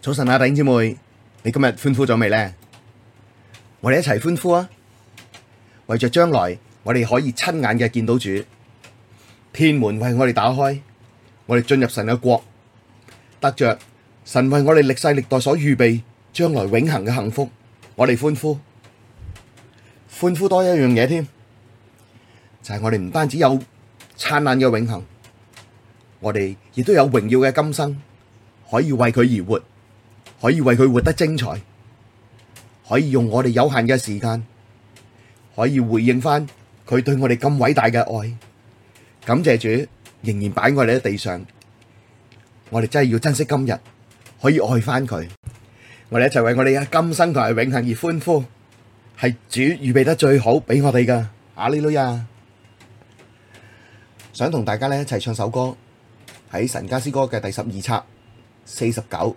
早晨啊，弟兄姊妹，你今日歡呼咗未呢？我哋一齊歡呼啊！為着將來，我哋可以親眼嘅見到主，天門為我哋打開，我哋進入神嘅國，得着神為我哋歷世歷代所預備將來永恆嘅幸福，我哋歡呼，歡呼多一樣嘢添，就係我哋唔單止有燦爛嘅永恆，我哋亦都有榮耀嘅今生，可以為佢而活。可以為佢活得精彩，可以用我哋有限嘅時間，可以回應翻佢對我哋咁偉大嘅愛。感謝主，仍然擺我哋喺地上，我哋真係要珍惜今日，可以愛翻佢。我哋一齊為我哋嘅今生同埋永恆而歡呼，係主預備得最好俾我哋㗎。阿利路亞，想同大家咧一齊唱首歌，喺神家詩歌嘅第十二冊四十九。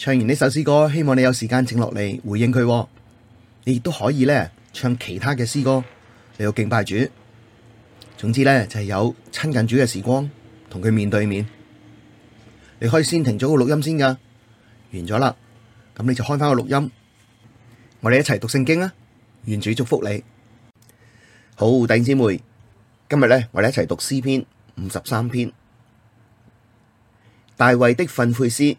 唱完呢首詩歌，希望你有時間靜落嚟回應佢。你亦都可以咧唱其他嘅詩歌，嚟到敬拜主。總之咧就係、是、有親近主嘅時光，同佢面對面。你可以先停咗個錄音先噶，完咗啦，咁你就開翻個錄音。我哋一齊讀聖經啊！願主祝福你。好，弟兄姊妹，今日咧我哋一齊讀詩篇五十三篇，大衛的訓誨詩。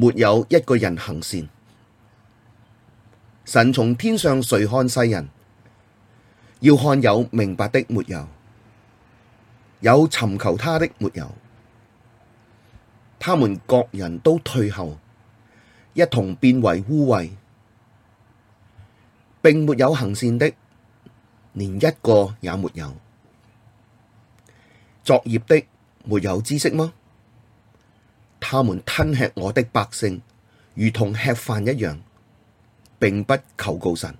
沒有一個人行善，神從天上垂看世人，要看有明白的沒有？有尋求他的沒有？他們各人都退後，一同變為污穢，並沒有行善的，連一個也沒有。作孽的沒有知識嗎？他們吞吃我的百姓，如同吃飯一樣，並不求告神。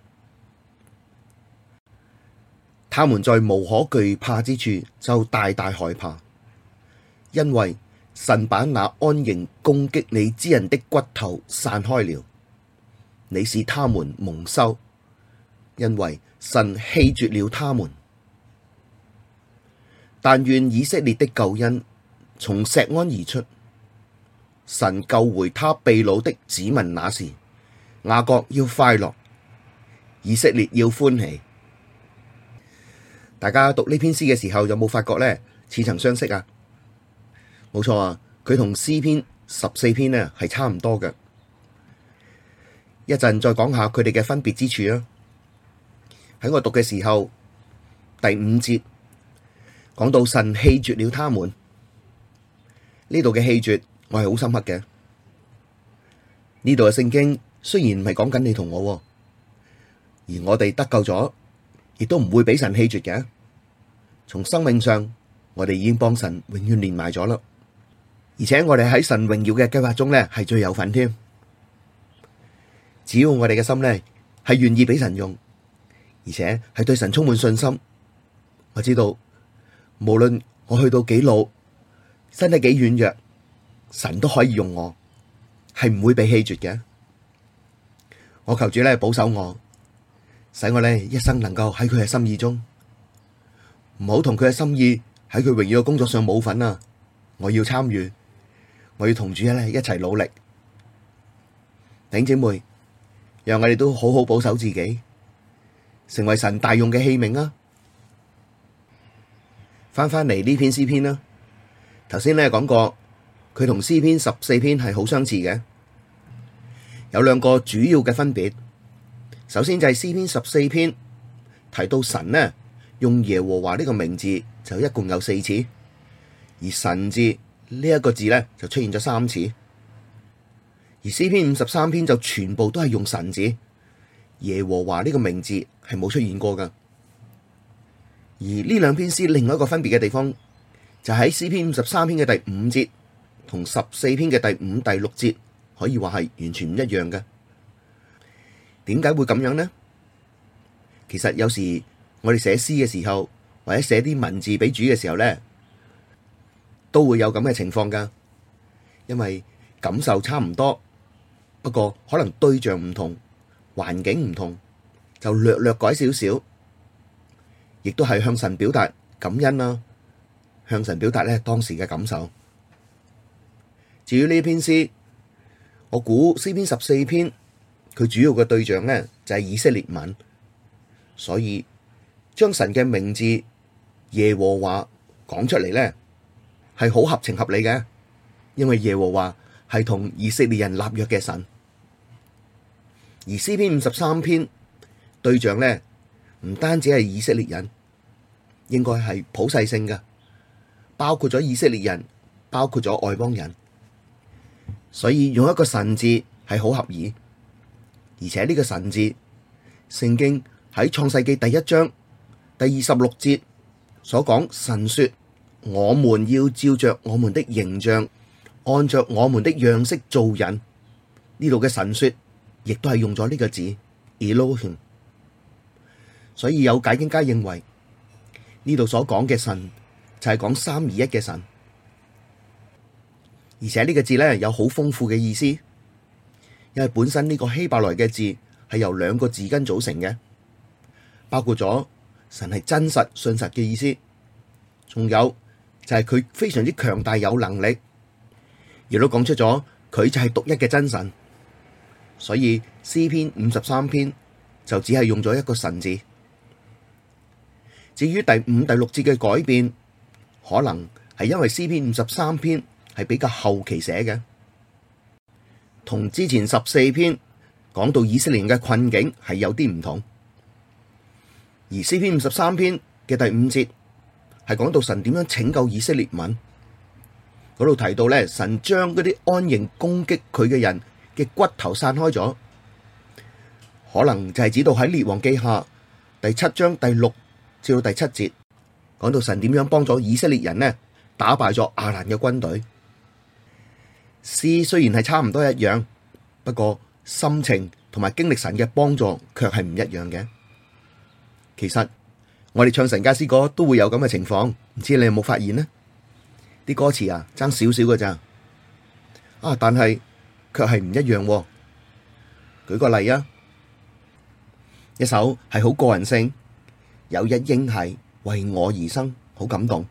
他們在無可懼怕之處就大大害怕，因為神把那安營攻擊你之人的骨頭散開了，你使他們蒙羞，因為神棄絕了他們。但願以色列的救恩從錫安而出。神救回他被擄的子民，那時雅各要快樂，以色列要歡喜。大家讀呢篇詩嘅時候有冇發覺呢？似曾相識啊？冇錯啊，佢同詩篇十四篇呢係差唔多嘅。一陣再講下佢哋嘅分別之處啦。喺我讀嘅時候，第五節講到神棄絕了他們，呢度嘅棄絕。我係好深刻嘅，呢度嘅聖經雖然唔係講緊你同我，而我哋得救咗，亦都唔會俾神棄絕嘅。從生命上，我哋已經幫神永遠連埋咗啦。而且我哋喺神榮耀嘅計劃中咧，係最有份添。只要我哋嘅心咧，係願意俾神用，而且係對神充滿信心，我知道無論我去到幾老，身體幾軟弱，神都可以用我，係唔會被棄絕嘅。我求主咧保守我，使我咧一生能夠喺佢嘅心意中，唔好同佢嘅心意喺佢榮耀嘅工作上冇份啊！我要參與，我要同主咧一齊努力。頂姐妹，讓我哋都好好保守自己，成為神大用嘅器皿啊！翻翻嚟呢篇詩篇啦，頭先咧講過。佢同詩篇十四篇係好相似嘅，有兩個主要嘅分別。首先就係詩篇十四篇提到神呢，用耶和華呢個名字就一共有四次，而神字呢一個字呢就出現咗三次。而詩篇五十三篇就全部都係用神字，耶和華呢個名字係冇出現過㗎。而呢兩篇詩另外一個分別嘅地方就喺詩篇五十三篇嘅第五節同十四篇嘅第五、第六節可以話係完全唔一樣嘅，點解會咁樣呢？其實有時我哋寫詩嘅時候，或者寫啲文字俾主嘅時候咧，都會有咁嘅情況噶，因為感受差唔多，不過可能對象唔同、環境唔同，就略略改少少，亦都係向神表達感恩啦，向神表達咧當時嘅感受。至於呢篇詩，我估詩篇十四篇佢主要嘅對象呢就係、是、以色列民。所以將神嘅名字耶和華講出嚟呢，係好合情合理嘅，因為耶和華係同以色列人立約嘅神。而詩篇五十三篇對象呢，唔單止係以色列人，應該係普世性嘅，包括咗以色列人，包括咗外邦人。所以用一個神字係好合宜。而且呢個神字，聖經喺創世紀第一章第二十六節所講神說，我們要照着我們的形象，按着我們的樣式造人。呢度嘅神說，亦都係用咗呢個字 Elohim。所以有解經家認為，呢度所講嘅神就係講三而一嘅神。而且呢個字咧，有好豐富嘅意思，因為本身呢個希伯來嘅字係由兩個字根組成嘅，包括咗神係真實信實嘅意思，仲有就係佢非常之強大有能力。亦都講出咗佢就係獨一嘅真神，所以詩篇五十三篇就只係用咗一個神字。至於第五、第六節嘅改變，可能係因為詩篇五十三篇係比較後期寫嘅，同之前十四篇講到以色列人嘅困境係有啲唔同。而詩篇五十三篇嘅第五節係講到神點樣拯救以色列民，嗰度提到呢，神將嗰啲安營攻擊佢嘅人嘅骨頭散開咗，可能就係指到喺列王記下第七章第六至到第七節，講到神點樣幫咗以色列人呢，打敗咗亞蘭嘅軍隊。詩雖然係差唔多一樣，不過心情同埋經歷神嘅幫助卻係唔一樣嘅。其實我哋唱神家詩歌都會有咁嘅情況，唔知你有冇發現呢？啲歌詞啊，爭少少㗎咋？啊，但係卻係唔一樣。舉個例啊，一首係好個人性，有一應係為我而生，好感動；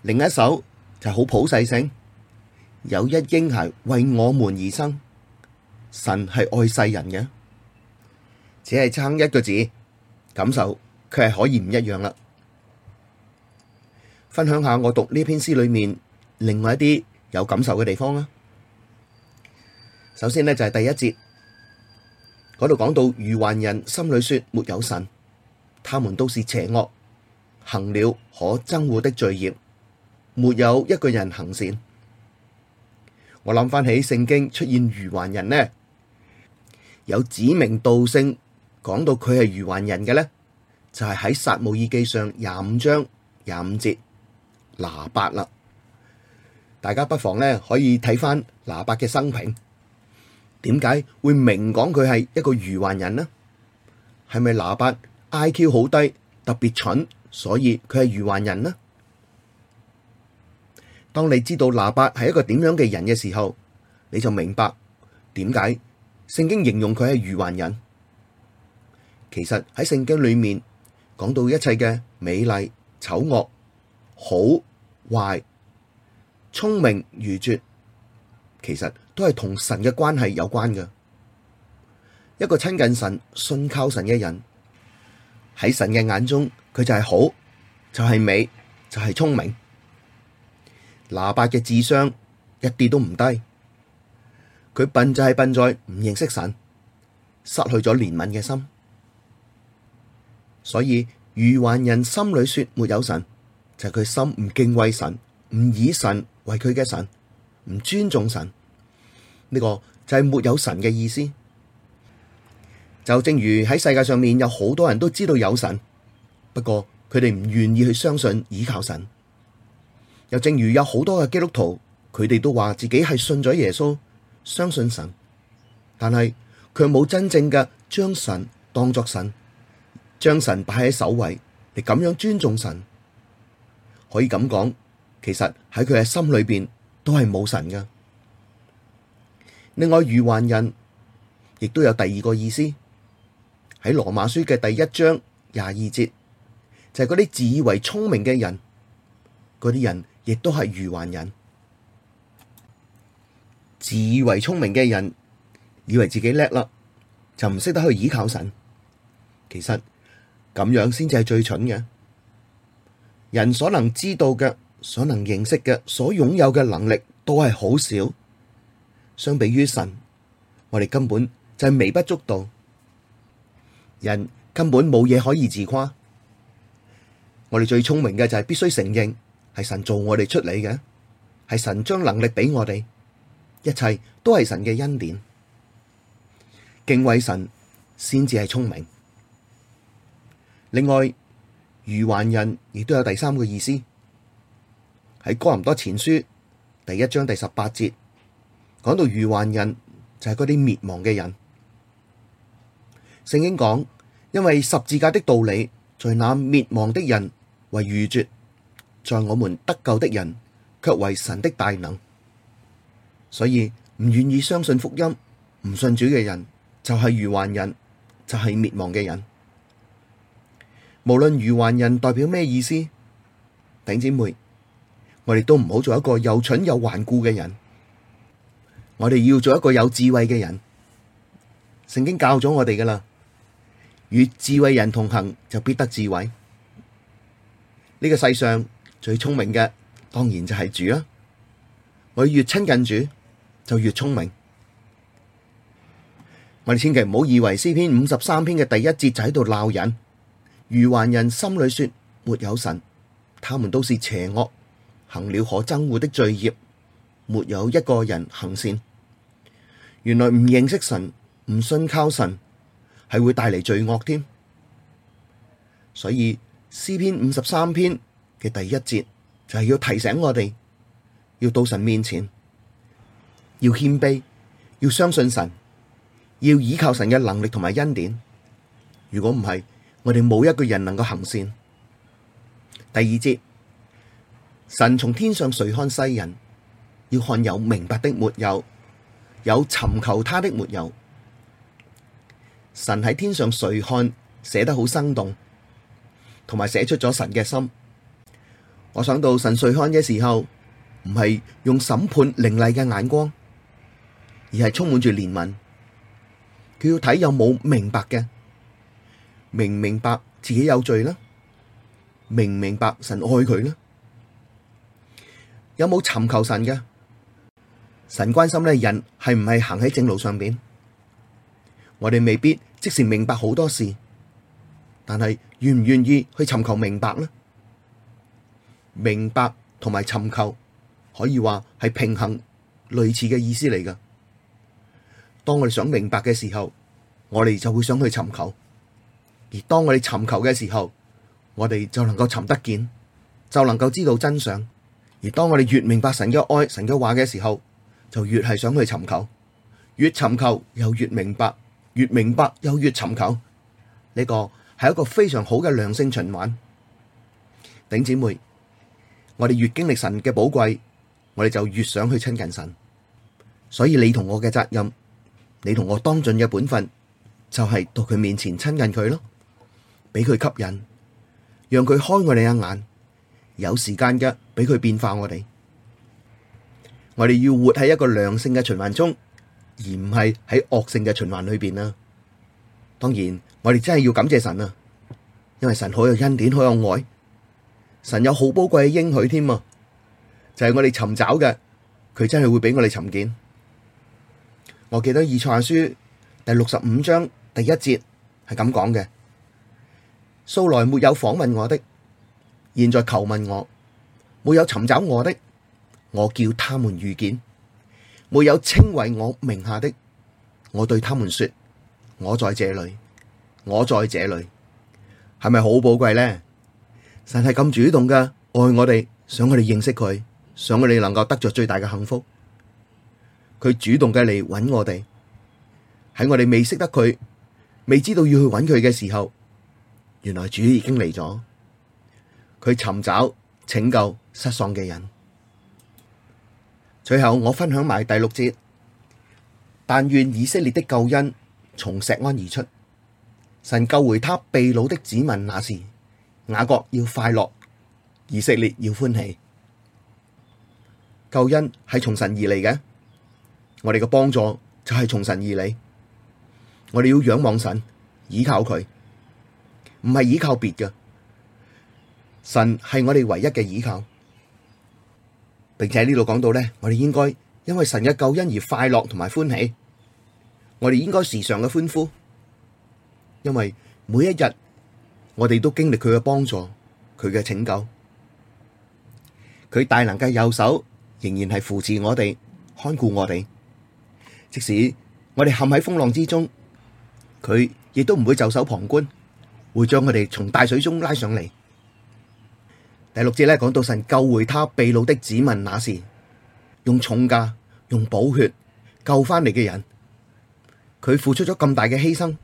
另一首就係好普世性。有一嬰孩為我們而生，神係愛世人嘅，只係撐一個字，感受，卻係可以唔一樣啦。分享下我讀呢篇詩裡面另外一啲有感受嘅地方啦。首先呢就係第一節，嗰度講到愚頑人心裡說沒有神，他們都是邪惡，行了可憎惡的罪孽，沒有一個人行善。我諗翻起聖經出現愚頑人呢，有指名道姓講到佢係愚頑人嘅呢，就係喺撒母耳記上廿五章廿五節，拿八啦。大家不妨呢可以睇翻拿八嘅生平，點解會明講佢係一個愚頑人呢？係咪拿八 IQ 好低，特別蠢，所以佢係愚頑人呢？當你知道拿八係一個點樣嘅人嘅時候，你就明白點解聖經形容佢係愚頑人。其實喺聖經裏面講到一切嘅美麗、醜惡、好壞、聰明愚拙，其實都係同神嘅關係有關嘅。一個親近神、信靠神嘅人，喺神嘅眼中，佢就係好，就係、是、美，就係、是、聰明。拿八嘅智商一啲都唔低，佢笨就係笨在唔認識神，失去咗憐憫嘅心。所以愚頑人心裡說沒有神，就係、是、佢心唔敬畏神，唔以神為佢嘅神，唔尊重神。呢、這個就係沒有神嘅意思。就正如喺世界上面有好多人都知道有神，不過佢哋唔願意去相信倚靠神。又正如有好多嘅基督徒，佢哋都話自己係信咗耶穌，相信神，但係佢冇真正嘅將神當作神，將神擺喺首位，你咁樣尊重神，可以咁講，其實喺佢嘅心裏邊都係冇神嘅。另外，愚頑人，亦都有第二個意思，喺羅馬書嘅第一章廿二節，就係嗰啲自以為聰明嘅人，嗰啲人。亦都係愚頑人，自以為聰明嘅人，以為自己叻啦，就唔識得去依靠神。其實咁樣先至係最蠢嘅。人所能知道嘅、所能認識嘅、所擁有嘅能力，都係好少。相比於神，我哋根本就係微不足道。人根本冇嘢可以自誇。我哋最聰明嘅就係必須承認。係神做我哋出嚟嘅，係神將能力俾我哋，一切都係神嘅恩典。敬畏神先至係聰明。另外，愚頑人亦都有第三個意思，喺哥林多前書第一章第十八節講到愚頑人就係嗰啲滅亡嘅人。聖經講，因為十字架的道理在那滅亡的人為愚拙。在我們得救的人，卻為神的大能。所以唔願意相信福音，唔信主嘅人，就係愚頑人，就係、是、滅亡嘅人。無論愚頑人代表咩意思，頂姐妹，我哋都唔好做一個又蠢又頑固嘅人。我哋要做一個有智慧嘅人。聖經教咗我哋㗎喇，與智慧人同行就必得智慧。呢、這個世上。最聰明嘅，當然就係主啦、啊。我越親近主，就越聰明。我哋千祈唔好以為詩篇五十三篇嘅第一節就喺度鬧人。愚頑人心裏說沒有神，他們都是邪惡，行了可憎惡的罪孽，沒有一個人行善。原來唔認識神、唔信靠神，係會帶嚟罪惡添。所以詩篇五十三篇。嘅第一節就係要提醒我哋要到神面前，要謙卑，要相信神，要倚靠神嘅能力同埋恩典。如果唔係，我哋冇一個人能夠行善。第二節，神從天上垂看世人，要看有明白的沒有？有尋求他的沒有？神喺天上垂看，寫得好生動，同埋寫出咗神嘅心。我想到神審判嘅時候，唔係用審判凌厲嘅眼光，而係充滿住憐憫。佢要睇有冇明白嘅，明唔明白自己有罪啦，明唔明白神愛佢啦，有冇尋求神嘅？神關心咧，人係唔係行喺正路上邊？我哋未必即時明白好多事，但係願唔願意去尋求明白呢？明白同埋尋求，可以話係平衡類似嘅意思嚟噶。當我哋想明白嘅時候，我哋就會想去尋求；而當我哋尋求嘅時候，我哋就能夠尋得見，就能夠知道真相。而當我哋越明白神嘅愛、神嘅話嘅時候，就越係想去尋求。越尋求又越明白，越明白又越尋求。呢個係一個非常好嘅良性循環，頂姊妹。我哋越經歷神嘅寶貴，我哋就越想去親近神。所以你同我嘅責任，你同我當盡嘅本分，就係到佢面前親近佢咯，俾佢吸引，讓佢開我哋一眼，有時間嘅俾佢變化我哋。我哋要活喺一個良性嘅循環中，而唔係喺惡性嘅循環裏邊啦。當然，我哋真係要感謝神啊，因為神好有恩典，好有愛。神有好寶貴嘅應許添啊，就係、是、我哋尋找嘅，佢真係會俾我哋尋見。我記得以賽亞書第六十五章第一節係咁講嘅：素來沒有訪問我的，現在求問我；沒有尋找我的，我叫他們遇見；沒有稱為我名下的，我對他們說：我在這裏，我在這裏，係咪好寶貴呢？神係咁主動嘅，愛我哋，想我哋認識佢，想我哋能夠得着最大嘅幸福。佢主動嘅嚟揾我哋，喺我哋未識得佢，未知道要去揾佢嘅時候，原來主已經嚟咗。佢尋找拯救失喪嘅人。最後我分享埋第六節，但願以色列的救恩從錫安而出。神救回他被擄的子民，那時。雅各要快樂，以色列要歡喜，救恩係從神而嚟嘅。我哋嘅幫助就係從神而嚟，我哋要仰望神，倚靠佢，唔係倚靠別嘅。神係我哋唯一嘅倚靠，並且喺呢度講到咧，我哋應該因為神嘅救恩而快樂同埋歡喜，我哋應該時常嘅歡呼，因為每一日。我哋都經歷佢嘅幫助，佢嘅拯救，佢大能嘅右手仍然係扶持我哋，看顧我哋。即使我哋陷喺風浪之中，佢亦都唔會袖手旁觀，會將我哋從大水中拉上嚟。第六節咧講到神救回他被擄的子民，那時用重價、用寶血救翻嚟嘅人。佢付出咗咁大嘅犧牲，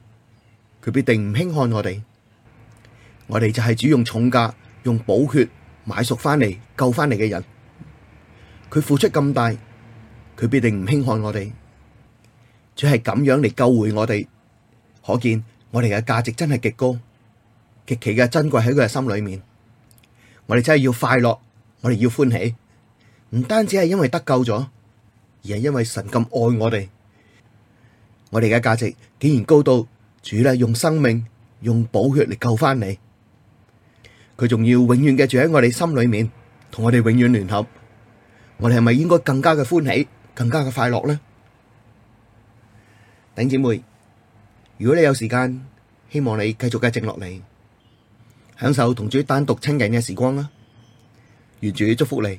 佢必定唔輕看我哋。我哋就係主用重價用寶血買贖翻，嚟救翻嚟嘅人，佢付出咁大，佢必定唔輕看我哋，主係咁樣嚟救回我哋，可見我哋嘅價值真係極高，極其嘅珍貴喺佢嘅心裏面。我哋真係要快樂，我哋要歡喜，唔單止係因為得救咗，而係因為神咁愛我哋，我哋嘅價值竟然高到主要用生命用寶血嚟救翻你。佢仲要永遠嘅住喺我哋心裏面，同我哋永遠聯合，我哋係咪應該更加嘅歡喜，更加嘅快樂咧？頂姐妹，如果你有時間，希望你繼續嘅靜落嚟，享受同主單獨親近嘅時光啦。願主祝福你。